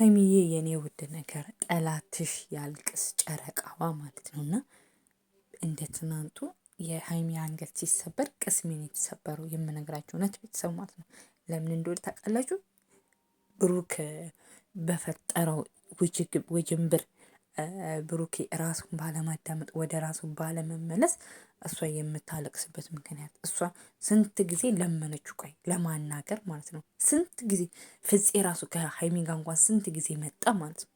ሀይሚዬ የኔ ውድ ነገር ጠላትሽ ያልቅስ ጨረቃዋ ማለት ነው። እና እንደ ትናንቱ የሀይሚ አንገት ሲሰበር ቅስሜን የተሰበረው የምነግራቸው እውነት ቤተሰብ ማለት ነው። ለምን እንደሆነ ታውቃላችሁ? ብሩክ በፈጠረው ውጅግብ ውጅንብር ብሩኬ ራሱን ባለማዳመጥ ወደ ራሱ ባለመመለስ እሷ የምታለቅስበት ምክንያት እሷ ስንት ጊዜ ለመነች፣ ቆይ ለማናገር ማለት ነው። ስንት ጊዜ ፍፄ ራሱ ከሀይሚ ጋር እንኳን ስንት ጊዜ መጣ ማለት ነው።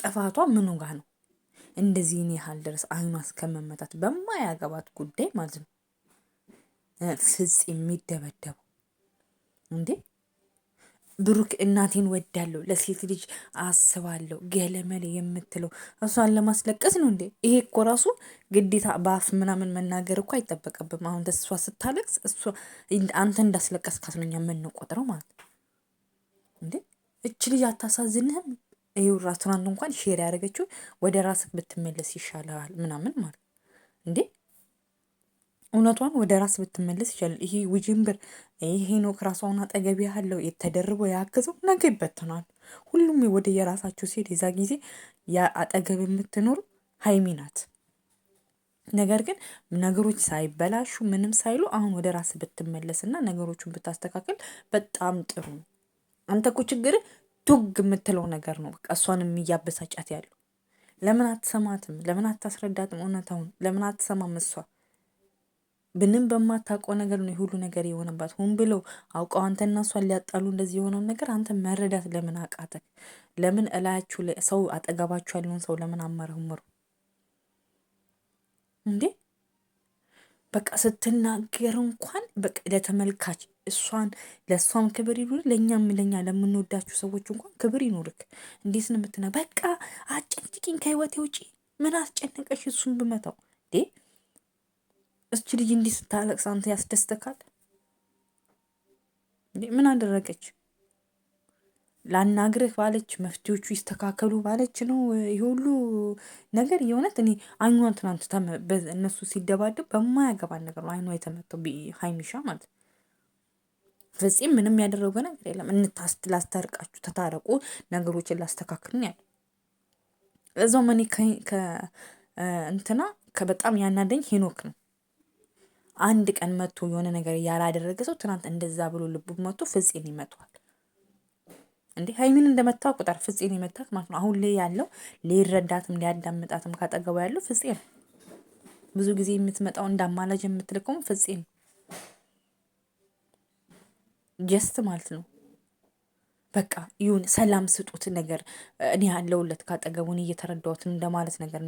ጥፋቷ ምኑ ጋር ነው? እንደዚህን ያህል ድረስ አይኗ እስከመመታት በማያገባት ጉዳይ ማለት ነው ፍፄ የሚደበደበው እንዴ? ብሩክ እናቴን ወዳለሁ፣ ለሴት ልጅ አስባለሁ፣ ገለመል የምትለው እሷን ለማስለቀስ ነው እንዴ? ይሄ እኮ ራሱ ግዴታ በአፍ ምናምን መናገር እኮ አይጠበቅብም። አሁን እሷ ስታለቅስ አንተ እንዳስለቀስካት ነው እኛ የምንቆጥረው ማለት ነው እንዴ? እች ልጅ አታሳዝንህም? ይኸው ራሱ ትናንት እንኳን ሼር ያደረገችው ወደ ራስህ ብትመለስ ይሻላል ምናምን ማለት እንዴ እውነቷን ወደ ራስ ብትመለስ ይችላል። ይሄ ውጅንብር ይሄ ኖክ ራሷን አጠገብ ያለው የተደርቦ ያግዘው ነገ ይበትናል። ሁሉም ወደ የራሳቸው ሲሄድ የዛ ጊዜ አጠገብ የምትኖር ሀይሚ ናት። ነገር ግን ነገሮች ሳይበላሹ ምንም ሳይሉ አሁን ወደ ራስ ብትመለስና ነገሮቹን ብታስተካከል በጣም ጥሩ ነው። አንተ እኮ ችግር ዱግ የምትለው ነገር ነው። በቃ እሷንም እያበሳጫት ያለው ለምን አትሰማትም? ለምን አታስረዳትም? እውነታውን ለምን አትሰማም እሷ ብንም በማታውቀው ነገር ነው ሁሉ ነገር የሆነባት። ሁን ብለው አውቀው እና እሷን ሊያጣሉ እንደዚህ የሆነውን ነገር አንተ መረዳት ለምን አቃተህ? ለምን እላያችሁ ሰው አጠገባችሁ ያለውን ሰው ለምን አመረምሩ እንዴ? በቃ ስትናገር እንኳን በቃ ለተመልካች እሷን ለእሷም ክብር ይኑር፣ ለእኛም ለኛ ለምንወዳችሁ ሰዎች እንኳን ክብር ይኑርክ። እንዴት ነው የምትና በቃ አጨንጭቂኝ ከህይወቴ ውጪ ምን አስጨነቀሽ? እሱን ብመታው እንዴ እች ልጅ እንዲህ ስታለቅስ አንተ ያስደስተካል? ምን አደረገች? ላናግርህ ባለች መፍትሄዎቹ ይስተካከሉ ባለች ነው ይህ ሁሉ ነገር። የእውነት እኔ አይኗን ትናንት እነሱ ሲደባደብ በማያገባን ነገር ነው አይኗ የተመተው ሀይሚሻ ማለት ነው። ፍጹም ምንም ያደረገ ነገር የለም። እንታስት ላስታርቃችሁ፣ ተታረቁ፣ ነገሮችን ላስተካክልን ያለ እዛው መኔ ከእንትና ከበጣም ያናደኝ ሄኖክ ነው። አንድ ቀን መጥቶ የሆነ ነገር ያላደረገ ሰው ትናንት እንደዛ ብሎ ልቡ መጥቶ ፍፄን ይመቷል። እንዴ ሀይሚን እንደመታው ቁጥር ፍፄን የመታት ማለት ነው። አሁን ላይ ያለው ሊረዳትም ሊያዳምጣትም ካጠገቡ ያለው ፍፄ ነው። ብዙ ጊዜ የምትመጣው እንዳማላጅ የምትልከውም ፍፄ ነው። ጀስት ማለት ነው። በቃ ይሁን ሰላም ስጡት ነገር እኔ ያለውለት ካጠገቡን እየተረዳሁት እንደማለት ነገር